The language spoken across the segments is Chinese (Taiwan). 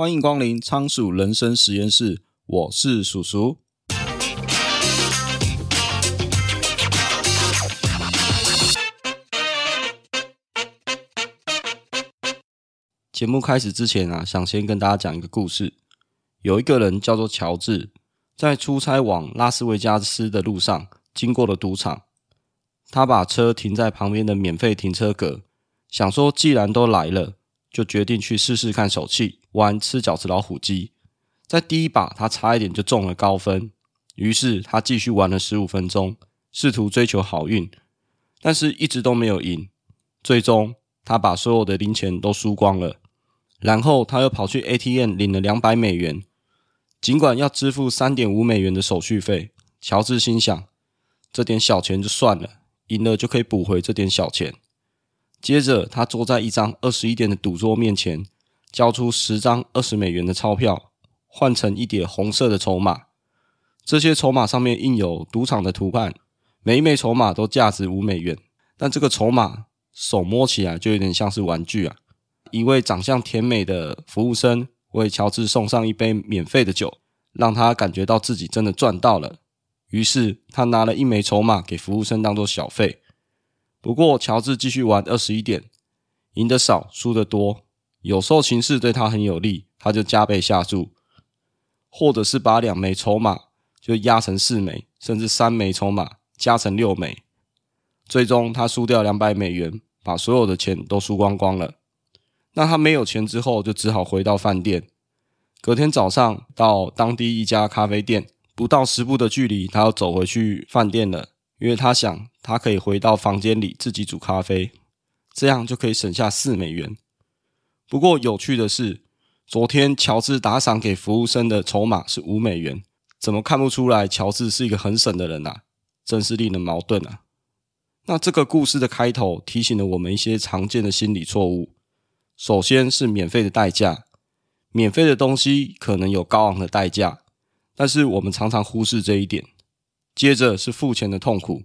歡迎光臨倉鼠人生實驗室，我是鼠鼠。節目開始之前啊，想先跟大家講一個故事。有一個人叫做喬治，在出差往拉斯維加斯的路上，經過了賭場。他把車停在旁邊的免費停車格，想說既然都來了，就決定去試試看手氣。玩吃角子老虎機，在第一把他差一點就中了高分，於是他繼續玩了十五分鐘，試圖追求好運，但是一直都沒有贏。最終他把所有的零錢都輸光了，然後他又跑去 ATM 領了兩百美元，儘管要支付三點五美元的手續費。喬治心想：這點小錢就算了，贏了就可以補回這點小錢。接着他坐在一張二十一點的賭桌面前。交出十張二十美元的鈔票，換成一疊紅色的籌碼。這些籌碼上面印有賭場的圖案，每一枚籌碼都價值五美元。但這個籌碼手摸起來就有點像是玩具啊！一位長相甜美的服務生為喬治送上一杯免費的酒，讓他感覺到自己真的賺到了。於是他拿了一枚籌碼給服務生當做小費。不過，喬治繼續玩二十一點，贏得少，輸得多。有時候形勢對他很有利，他就加倍下注，或者是把兩枚籌碼就壓成四枚，甚至三枚籌碼加成六枚。最終他輸掉兩百美元，把所有的錢都輸光光了。那他沒有錢之後，就只好回到飯店。隔天早上到當地一家咖啡店，不到十步的距離，他又走回去飯店了，因為他想他可以回到房間裡自己煮咖啡，這樣就可以省下四美元。不過有趣的是，昨天喬治打賞給服務生的籌碼是五美元，怎麼看不出來喬治是一個很省的人啊？真是令人矛盾啊！那這個故事的開頭提醒了我們一些常見的心理錯誤。首先是免費的代價，免費的東西可能有高昂的代價，但是我們常常忽視這一點。接着是付錢的痛苦。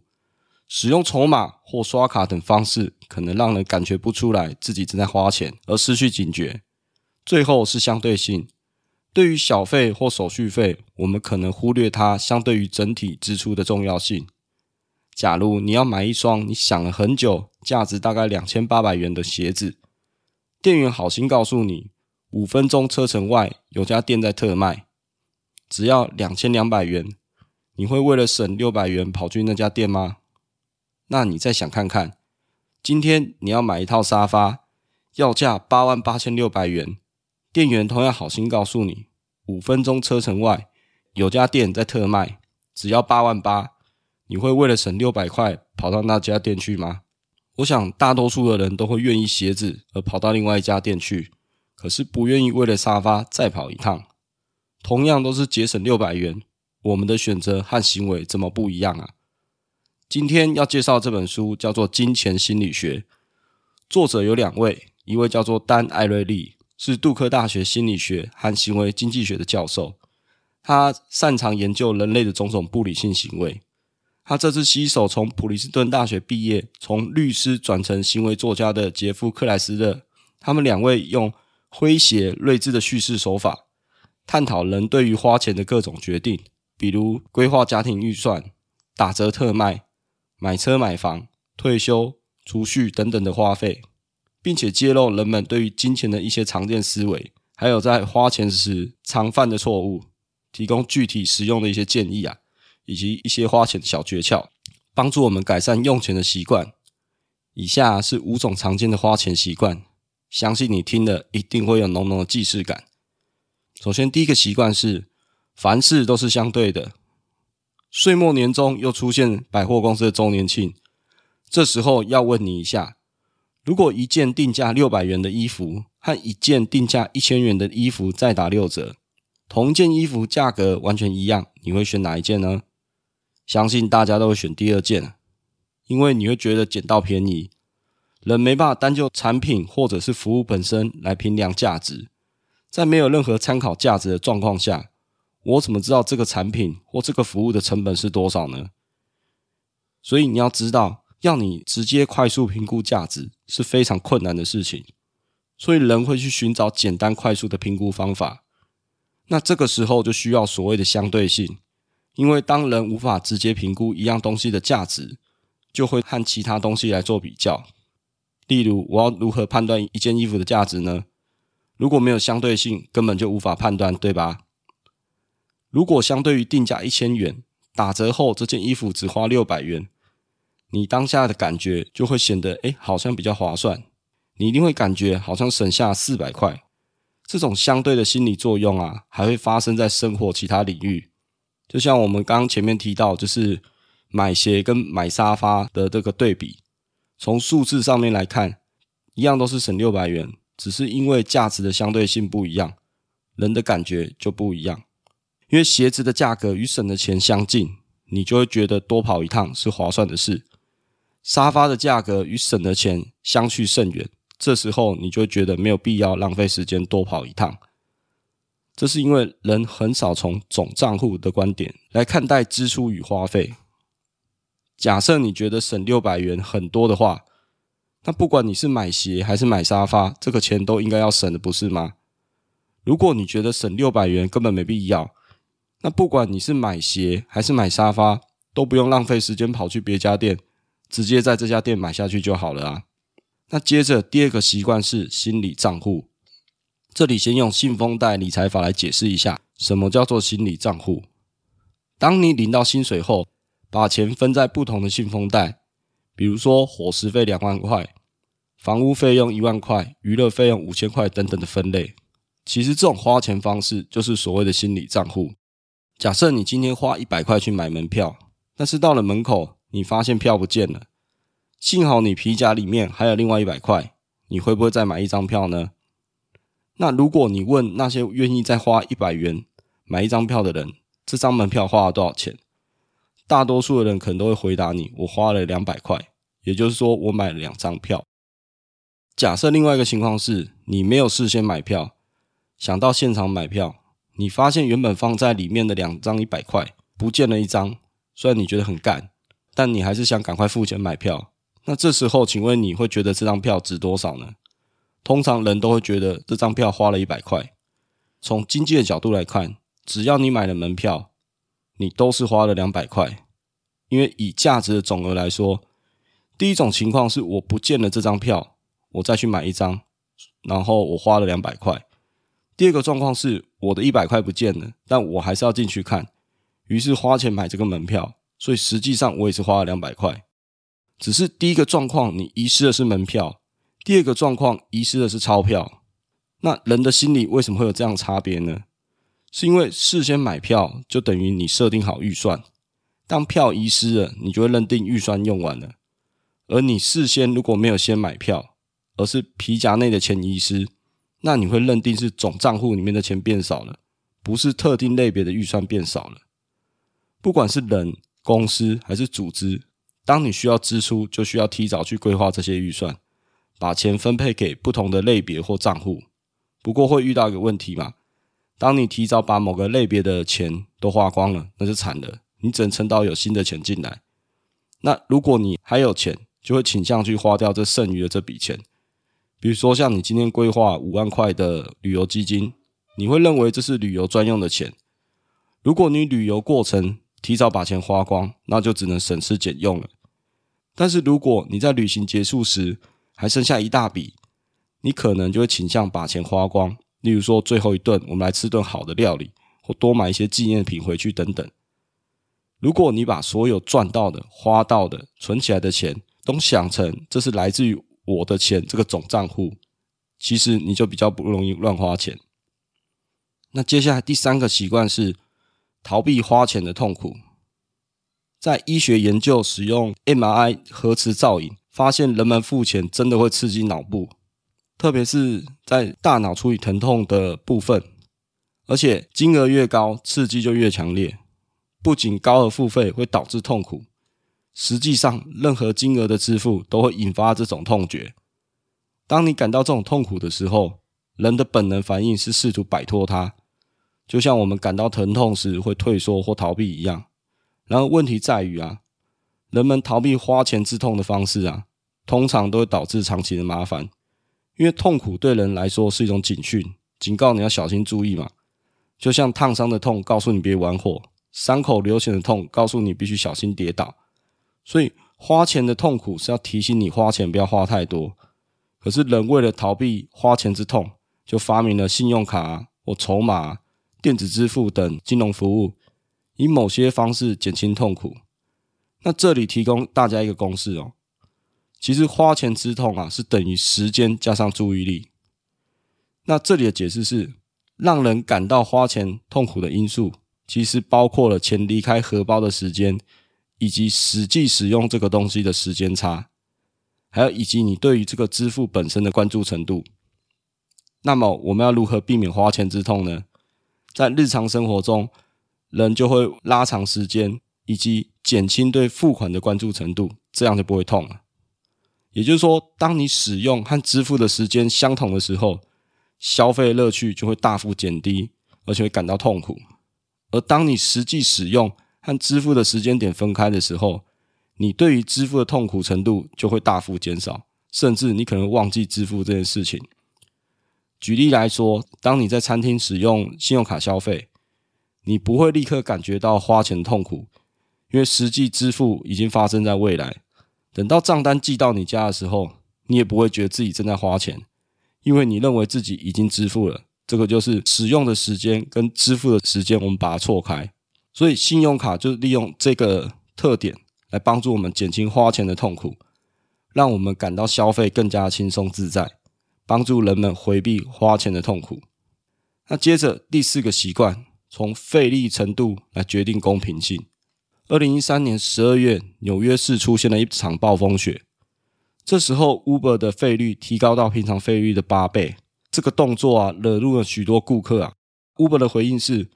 使用籌碼或刷卡等方式，可能讓人感覺不出來自己正在花錢，而失去警覺。最後是相對性，對於小費或手續費，我們可能忽略它相對於整體支出的重要性。假如你要買一雙你想了很久、價值大概兩千八百元的鞋子，店員好心告訴你，五分鐘車程外有家店在特賣，只要兩千兩百元，你會為了省六百元跑去那家店嗎？那你再想看看，今天你要買一套沙發，要價八萬八千六百元。店員同樣好心告訴你，五分鐘車程外有家店在特賣，只要八萬八。你會為了省六百塊跑到那家店去嗎？我想大多數的人都會願意鞋子而跑到另外一家店去，可是不願意為了沙發再跑一趟。同樣都是節省六百元，我們的選擇和行為怎麼不一樣啊？今天要介紹這本書叫做《金錢心理學》，作者有兩位，一位叫做丹·艾瑞利，是杜克大學心理學和行為經濟學的教授，他擅長研究人類的種種不理性行為。他這次攜手從普林斯頓大學畢業、從律師轉成行為作家的傑夫·克萊斯勒，他們兩位用詼諧睿智的敘事手法，探討人對於花錢的各種決定，比如規劃家庭預算、打折特賣。買車、買房、退休、儲蓄等等的花費，並且揭露人們對於金錢的一些常見思維，還有在花錢時常犯的錯誤，提供具體實用的一些建議啊，以及一些花錢的小訣竅，幫助我們改善用錢的習慣。以下是五種常見的花錢習慣，相信你聽了一定會有濃濃的既視感。首先，第一個習慣是凡事都是相對的。歲末年終又出現百貨公司的周年慶，這時候要問你一下：如果一件定價六百元的衣服和一件定價一千元的衣服再打六折，同一件衣服價格完全一樣，你會選哪一件呢？相信大家都會選第二件，因為你會覺得撿到便宜。人沒辦法單就產品或者是服務本身來評量價值，在沒有任何參考價值的狀況下，我怎麼知道這個產品或這個服務的成本是多少呢？所以你要知道，要你直接快速評估價值是非常困難的事情。所以人會去尋找簡單快速的評估方法。那這個時候就需要所謂的相對性，因為當人無法直接評估一樣東西的價值，就會和其他東西來做比較。例如，我要如何判斷一件衣服的價值呢？如果沒有相對性，根本就無法判斷，對吧？如果相對於定價一千元，打折後這件衣服只花六百元，你當下的感覺就會顯得，哎，好像比較划算，你一定會感覺好像省下四百塊。這種相對的心理作用啊，還會發生在生活其他領域。就像我們剛剛前面提到，就是買鞋跟買沙發的這個對比，從數字上面來看，一樣都是省六百元，只是因為價值的相對性不一樣，人的感覺就不一樣。因為鞋子的價格與省的錢相近，你就會覺得多跑一趟是划算的事。沙發的價格與省的錢相去甚遠，這時候你就會覺得沒有必要浪費時間多跑一趟。這是因為人很少從總賬戶的觀點來看待支出與花費。假設你覺得省六百元很多的話，那不管你是買鞋還是買沙發，這個錢都應該要省的不是嗎？如果你覺得省六百元根本沒必要。那不管你是買鞋還是買沙發，都不用浪費時間跑去別家店，直接在這家店買下去就好了啊。那接着第二個習慣是心理賬戶，這裡先用信封袋理財法來解釋一下什麼叫做心理賬戶。當你領到薪水後，把錢分在不同的信封袋，比如說伙食費兩萬塊、房屋費用一萬塊、娛樂費用五千塊等等的分類，其實這種花錢方式就是所謂的心理賬戶。假設你今天花一百塊去買門票，但是到了門口，你發現票不見了。幸好你皮夾裡面還有另外一百塊，你會不會再買一張票呢？那如果你問那些願意再花一百元買一張票的人，這張門票花了多少錢？大多數的人可能都會回答你：我花了兩百塊，也就是說我買了兩張票。假設另外一個情況是，你沒有事先買票，想到現場買票。你發現原本放在裡面的兩張一百塊不見了一張，雖然你覺得很幹，但你還是想趕快付錢買票。那這時候，請問你會覺得這張票值多少呢？通常人都會覺得這張票花了一百塊。從經濟的角度來看，只要你買了門票，你都是花了兩百塊。因為以價值的總額來說，第一種情況是我不見了這張票，我再去買一張，然後我花了兩百塊。第二個狀況是。我的一百塊不見了，但我還是要進去看，於是花錢買這個門票，所以實際上我也是花了兩百塊。只是第一個狀況，你遺失的是門票；第二個狀況，遺失的是鈔票。那人的心理為什麼會有這樣差別呢？是因為事先買票，就等於你設定好預算，當票遺失了，你就會認定預算用完了；而你事先如果沒有先買票，而是皮夾內的錢遺失。那你會認定是總賬戶裡面的錢變少了，不是特定類別的預算變少了。不管是人、公司還是組織，當你需要支出，就需要提早去規劃這些預算，把錢分配給不同的類別或賬戶。不過會遇到一個問題嘛，當你提早把某個類別的錢都花光了，那就慘了，你只能撐到有新的錢進來。那如果你還有錢，就會傾向去花掉這剩餘的這筆錢。比如說，像你今天規劃五萬塊的旅遊基金，你會認為這是旅遊專用的錢。如果你旅遊過程提早把錢花光，那就只能省吃儉用了。但是如果你在旅行結束時還剩下一大筆，你可能就會傾向把錢花光，例如說，最後一頓我們來吃頓好的料理，或多買一些紀念品回去等等。如果你把所有賺到的、花到的、存起來的錢，都想成這是來自於，我的錢這個總賬戶，其實你就比較不容易亂花錢。那接下來第三個習慣是逃避花錢的痛苦。在醫學研究使用 MRI 核磁造影，發現人們付錢真的會刺激腦部，特別是在大腦處理疼痛的部分，而且金額越高，刺激就越強烈。不僅高額付費會導致痛苦。實際上，任何金額的支付都會引發這種痛覺。當你感到這種痛苦的時候，人的本能反應是試圖擺脫它，就像我們感到疼痛時會退縮或逃避一樣。然而，問題在於啊，人們逃避花錢之痛的方式啊，通常都會導致長期的麻煩，因為痛苦對人來說是一種警訊，警告你要小心注意嘛。就像燙傷的痛告訴你別玩火，傷口流血的痛告訴你必須小心跌倒。所以，花錢的痛苦是要提醒你花錢不要花太多。可是人為了逃避花錢之痛，就發明了信用卡啊或籌碼啊、電子支付等金融服務，以某些方式減輕痛苦。那這裡提供大家一個公式哦，其實花錢之痛啊是等於時間加上注意力。那這裡的解釋是，讓人感到花錢痛苦的因素，其實包括了錢離開荷包的時間。以及實際使用這個東西的時間差，還有以及你對於這個支付本身的關注程度，那麼我們要如何避免花錢之痛呢？在日常生活中，人就會拉長時間，以及減輕對付款的關注程度，這樣就不會痛了。也就是說，當你使用和支付的時間相同的時候，消費樂趣就會大幅減低，而且會感到痛苦。而當你實際使用，和支付的時間點分開的時候，你對於支付的痛苦程度就會大幅減少，甚至你可能忘記支付這件事情。舉例來說，當你在餐廳使用信用卡消費，你不會立刻感覺到花錢的痛苦，因為實際支付已經發生在未來。等到賬單寄到你家的時候，你也不會覺得自己正在花錢，因為你認為自己已經支付了。這個就是使用的時間跟支付的時間，我們把它錯開。所以，信用卡就是利用這個特點，來幫助我們減輕花錢的痛苦，讓我們感到消費更加輕鬆自在，幫助人們回避花錢的痛苦。那接着第四個習慣，從費力程度來決定公平性。二零一三年十二月，紐約市出現了一場暴風雪，這時候 Uber 的費率提高到平常費率的八倍，這個動作啊惹怒了許多顧客啊。Uber 的回應是。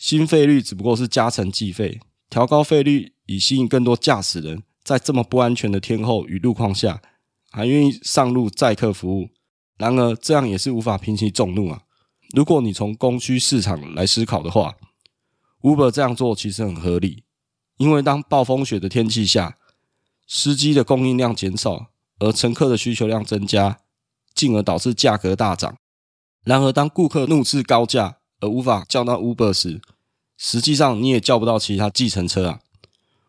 新費率只不過是加成計費，調高費率以吸引更多駕駛人在這麼不安全的天候與路況下還願意上路載客服務。然而，這樣也是無法平息眾怒啊！如果你從供需市場來思考的話，Uber 這樣做其實很合理，因為當暴風雪的天氣下，司機的供應量減少，而乘客的需求量增加，進而導致價格大漲。然而，當顧客怒斥高價，而無法叫到 Uber 時，實際上你也叫不到其他計程車啊。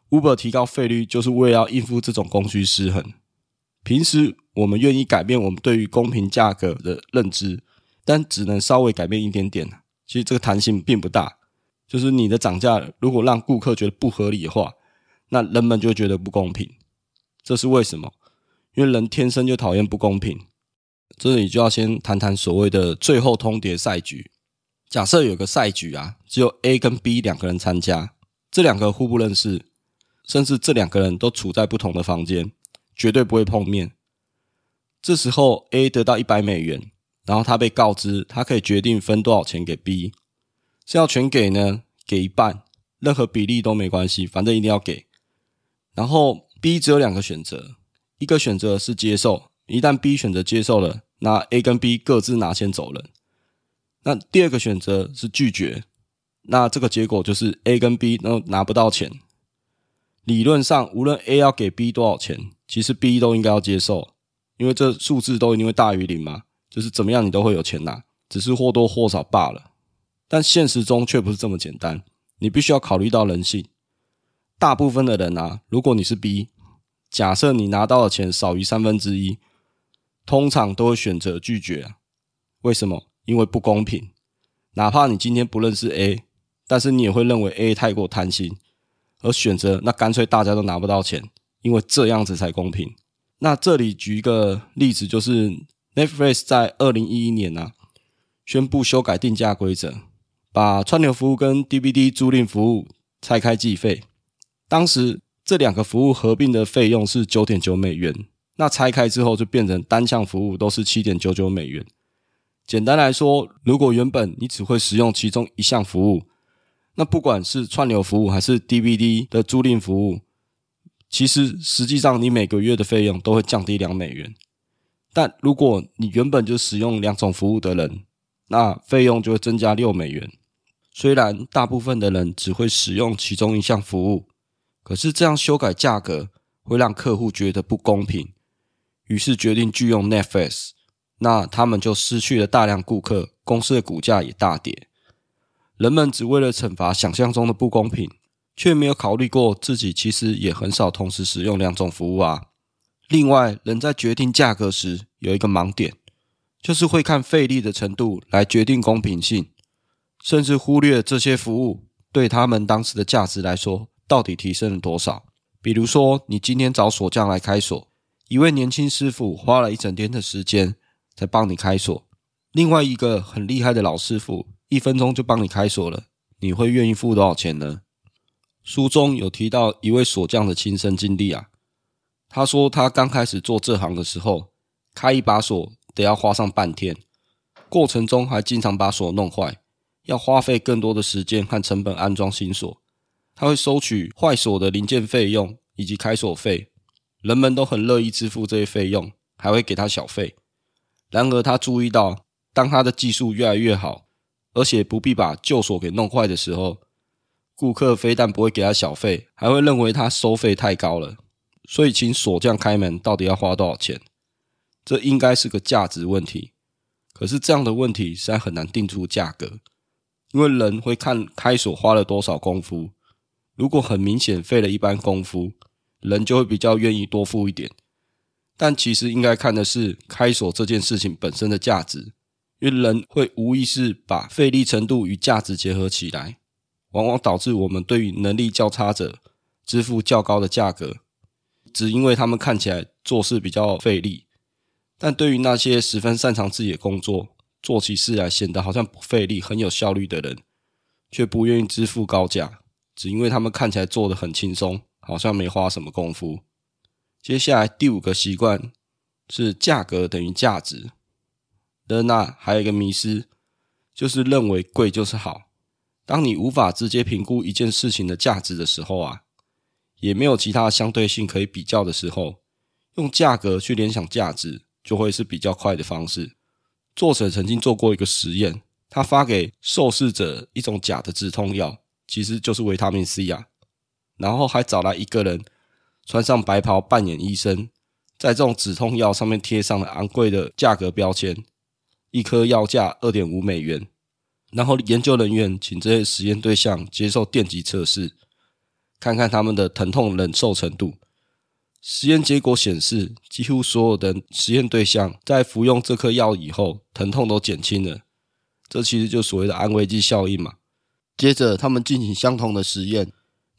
Uber 提高費率就是為了要應付這種供需失衡。平時我們願意改變我們對於公平價格的認知，但只能稍微改變一點點。其實這個彈性並不大。就是你的漲價如果讓顧客覺得不合理的話，那人們就覺得不公平。這是為什麼？因為人天生就討厭不公平。這裡就要先談談所謂的最後通牒賽局。假設有個賽局啊，只有 A 跟 B 兩個人參加，這兩個互不認識，甚至這兩個人都處在不同的房間，絕對不會碰面。這時候 A 得到一百美元，然後他被告知他可以決定分多少錢給 B，是要全給呢，給一半，任何比例都沒關係，反正一定要給。然後 B 只有兩個選擇，一個選擇是接受，一旦 B 選擇接受了，那 A 跟 B 各自拿錢走人。那第二個選擇是拒絕，那這個結果就是 A 跟 B 都拿不到錢。理論上，無論 A 要給 B 多少錢，其實 B 都應該要接受，因為這數字都一定會大於零嘛。就是怎麼樣，你都會有錢拿，只是或多或少罷了。但現實中卻不是這麼簡單，你必須要考慮到人性。大部分的人啊，如果你是 B，假設你拿到的錢少於三分之一，通常都會選擇拒絕啊。為什麼？因為不公平，哪怕你今天不認識 A，但是你也會認為 A 太過貪心，而選擇那乾脆大家都拿不到錢，因為這樣子才公平。那這裡舉一個例子，就是 Netflix 在二零一一年啊宣布修改定價規則，把串流服務跟 DVD 租賃服務拆開計費。當時這兩個服務合併的費用是九點九美元，那拆開之後就變成單項服務都是七點九九美元。簡單來說，如果原本你只會使用其中一項服務，那不管是串流服務還是 DVD 的租賃服務，其實實際上你每個月的費用都會降低兩美元。但如果你原本就使用兩種服務的人，那費用就會增加六美元。雖然大部分的人只會使用其中一項服務，可是這樣修改價格會讓客戶覺得不公平，於是決定拒用 Netflix。那他們就失去了大量顧客，公司的股價也大跌。人們只為了懲罰想象中的不公平，卻沒有考慮過自己其實也很少同時使用兩種服務啊。另外，人在決定價格時有一個盲點，就是會看費力的程度來決定公平性，甚至忽略這些服務對他們當時的價值來說到底提升了多少。比如說，你今天找鎖匠來開鎖，一位年輕師傅花了一整天的時間，才幫你開鎖，另外一個很厲害的老師傅，一分鐘就幫你開鎖了。你會願意付多少錢呢？書中有提到一位鎖匠的親身經歷啊。他說他剛開始做這行的時候，開一把鎖得要花上半天，過程中還經常把鎖弄壞，要花費更多的時間和成本安裝新鎖。他會收取壞鎖的零件費用以及開鎖費，人們都很樂意支付這些費用，還會給他小費。然而，他注意到，當他的技術越來越好，而且不必把舊鎖給弄壞的時候，顧客非但不會給他小費，還會認為他收費太高了。所以，請鎖匠開門到底要花多少錢？這應該是個價值問題。可是，這樣的問題實在很難定出價格，因為人會看開鎖花了多少功夫。如果很明顯費了一番功夫，人就會比較願意多付一點。但其實應該看的是開鎖這件事情本身的價值，因為人會無意識把費力程度與價值結合起來，往往導致我們對於能力較差者支付較高的價格，只因為他們看起來做事比較費力；但對於那些十分擅長自己的工作，做起事來顯得好像不費力、很有效率的人，卻不願意支付高價，只因為他們看起來做得很輕鬆，好像沒花什麼功夫。接下來第五個習慣是價格等於價值。那還有一個迷思，就是認為貴就是好。當你無法直接評估一件事情的價值的時候啊，也沒有其他相對性可以比較的時候，用價格去聯想價值，就會是比較快的方式。作者曾經做過一個實驗，他發給受試者一種假的止痛藥，其實就是維他命 C 啊，然後還找來一個人。穿上白袍扮演醫生，在這種止痛藥上面貼上了昂貴的價格標籤，一顆藥價二點五美元。然後研究人員請這些實驗對象接受電擊測試，看看他們的疼痛忍受程度。實驗結果顯示，幾乎所有的實驗對象在服用這顆藥以後，疼痛都減輕了。這其實就所謂的安慰劑效應嘛。接着他們進行相同的實驗。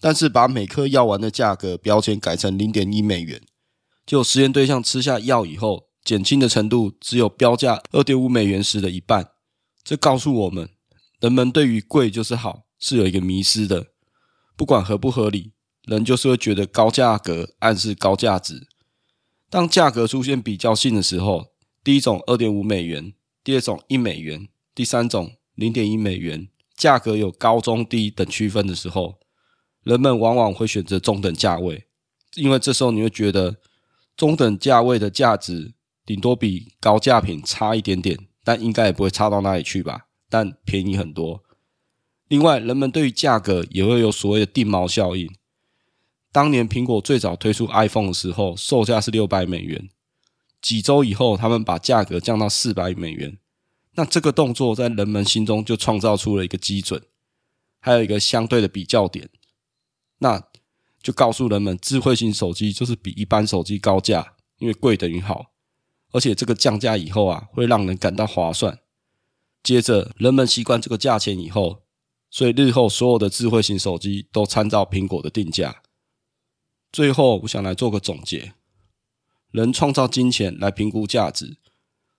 但是把每顆藥丸的價格標籤改成零點一美元，就實驗對象吃下藥以後減輕的程度只有標價二點五美元時的一半。這告訴我們，人們對於貴就是好是有一個迷思的，不管合不合理，人就是會覺得高價格暗示高價值。當價格出現比較性的時候，第一種二點五美元，第二種一美元，第三種零點一美元，價格有高中低等區分的時候。人們往往會選擇中等價位，因為這時候你會覺得中等價位的價值頂多比高價品差一點點，但應該也不會差到哪裡去吧。但便宜很多。另外，人們對於價格也會有所謂的定錨效應。當年蘋果最早推出 iPhone 的時候，售價是六百美元，幾週以後，他們把價格降到四百美元。那這個動作在人們心中就創造出了一個基準，還有一個相對的比較點。那就告訴人們，智慧型手機就是比一般手機高價，因為貴等於好。而且這個降價以後啊，會讓人感到划算。接着，人們習慣這個價錢以後，所以日後所有的智慧型手機都參照蘋果的定價。最後，我想來做個總結：人創造金錢來評估價值，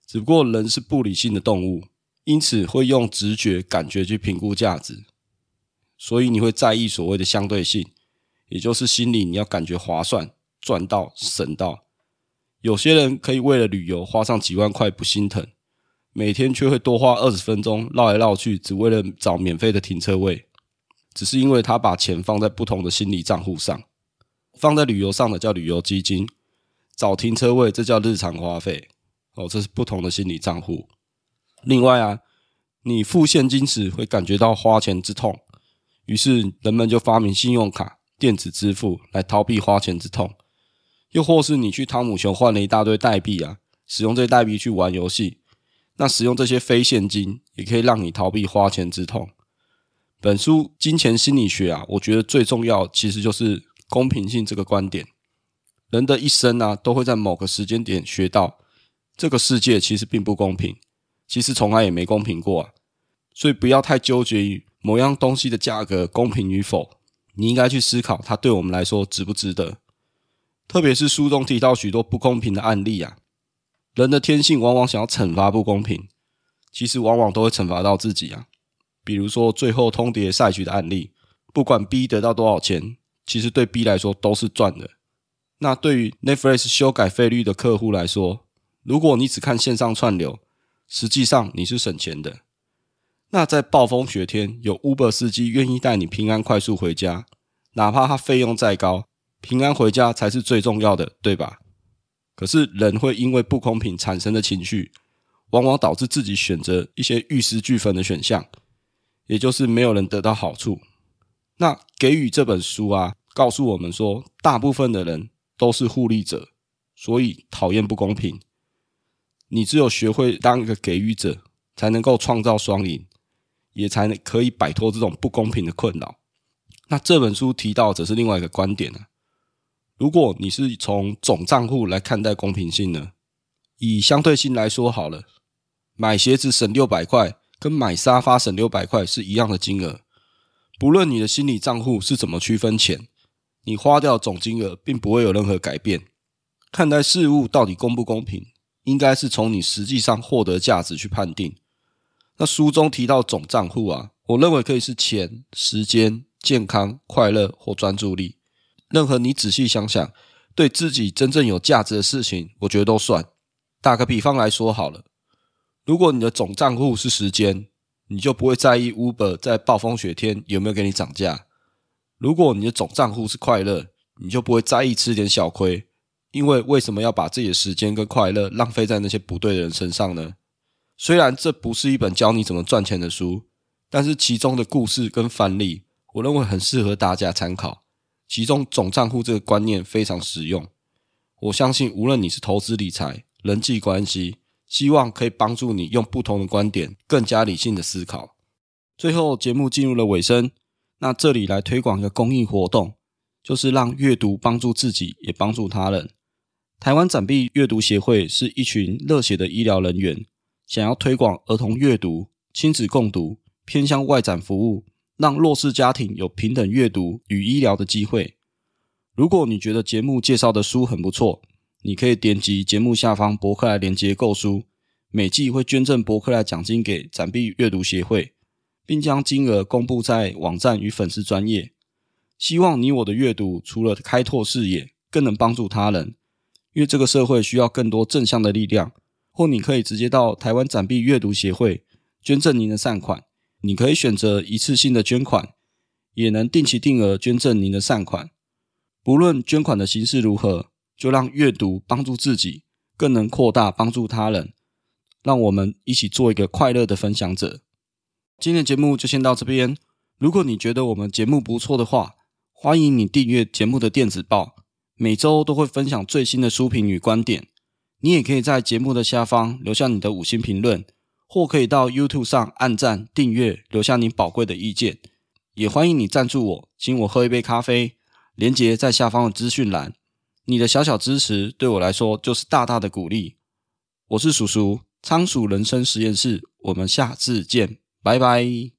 只不過人是不理性的動物，因此會用直覺、感覺去評估價值。所以你會在意所謂的相對性。也就是心裡你要感覺划算、賺到、省到。有些人可以為了旅遊花上幾萬塊不心疼，每天卻會多花二十分鐘繞來繞去，只為了找免費的停車位。只是因為他把錢放在不同的心理賬戶上，放在旅遊上的叫旅遊基金，找停車位這叫日常花費。哦，這是不同的心理賬戶。另外啊，你付現金時會感覺到花錢之痛，於是人們就發明信用卡。電子支付來逃避花錢之痛，又或是你去湯姆熊換了一大堆代幣啊，使用這些代幣去玩遊戲，那使用這些非現金也可以讓你逃避花錢之痛。本書《金錢心理學》啊，我覺得最重要其實就是公平性這個觀點。人的一生啊，都會在某個時間點學到，這個世界其實並不公平，其實從來也沒公平過啊，所以不要太糾結於某樣東西的價格公平與否。你應該去思考，它對我們來說值不值得？特別是書中提到許多不公平的案例啊，人的天性往往想要懲罰不公平，其實往往都會懲罰到自己啊。比如說最後通牒賽局的案例，不管 B 得到多少錢，其實對 B 來說都是賺的。那對於 Netflix 修改費率的客戶來說，如果你只看線上串流，實際上你是省錢的。那在暴風雪天，有 Uber 司機願意帶你平安快速回家，哪怕他費用再高，平安回家才是最重要的，對吧？可是人會因為不公平產生的情緒，往往導致自己選擇一些玉石俱焚的選項，也就是沒有人得到好處。那給予這本書啊，告訴我們說，大部分的人都是互利者，所以討厭不公平。你只有學會當一個給予者，才能夠創造雙贏。也才能可以擺脫這種不公平的困擾。那這本書提到則是另外一個觀點呢？啊，如果你是從總賬戶來看待公平性呢？以相對性來說好了，買鞋子省六百塊，跟買沙發省六百塊是一樣的金額。不論你的心理賬戶是怎麼區分錢，你花掉總金額並不會有任何改變。看待事物到底公不公平，應該是從你實際上獲得價值去判定。那書中提到總賬戶啊，我認為可以是錢、時間、健康、快樂或專注力，任何你仔細想想，對自己真正有價值的事情，我覺得都算。打個比方來說好了，如果你的總賬戶是時間，你就不會在意 Uber 在暴風雪天有沒有給你漲價；如果你的總賬戶是快樂，你就不會在意吃點小虧，因為為什麼要把自己的時間跟快樂浪費在那些不對的人身上呢？雖然這不是一本教你怎麼賺錢的書，但是其中的故事跟範例，我認為很適合大家參考。其中總賬戶這個觀念非常實用，我相信無論你是投資理財、人際關係，希望可以幫助你用不同的觀點，更加理性的思考。最後，節目進入了尾聲，那這裡來推廣一個公益活動，就是讓閱讀幫助自己，也幫助他人。台灣展臂閱讀協會是一群熱血的醫療人員。想要推廣兒童閱讀、親子共讀、偏鄉外展服務，讓弱勢家庭有平等閱讀與醫療的機會。如果你覺得節目介紹的書很不錯，你可以點擊節目下方博客來連結購書。每季會捐贈博客來獎金給展臂閱讀協會，並將金額公布在網站與粉絲專頁。希望你我的閱讀除了開拓視野，更能幫助他人，因為這個社會需要更多正向的力量。或你可以直接到台灣展臂閱讀協會捐贈您的善款，你可以選擇一次性的捐款，也能定期定額捐贈您的善款。不論捐款的形式如何，就讓閱讀幫助自己，更能擴大幫助他人。讓我們一起做一個快樂的分享者。今天的節目就先到這邊。如果你覺得我們節目不錯的話，歡迎你訂閱節目的電子報，每周都會分享最新的書評與觀點。你也可以在節目的下方留下你的五星評論，或可以到 YouTube 上按讚、訂閱，留下你寶貴的意見。也歡迎你贊助我，請我喝一杯咖啡，連結在下方的資訊欄。你的小小支持對我來說就是大大的鼓勵。我是叔叔，倉鼠人生實驗室，我們下次見，拜拜。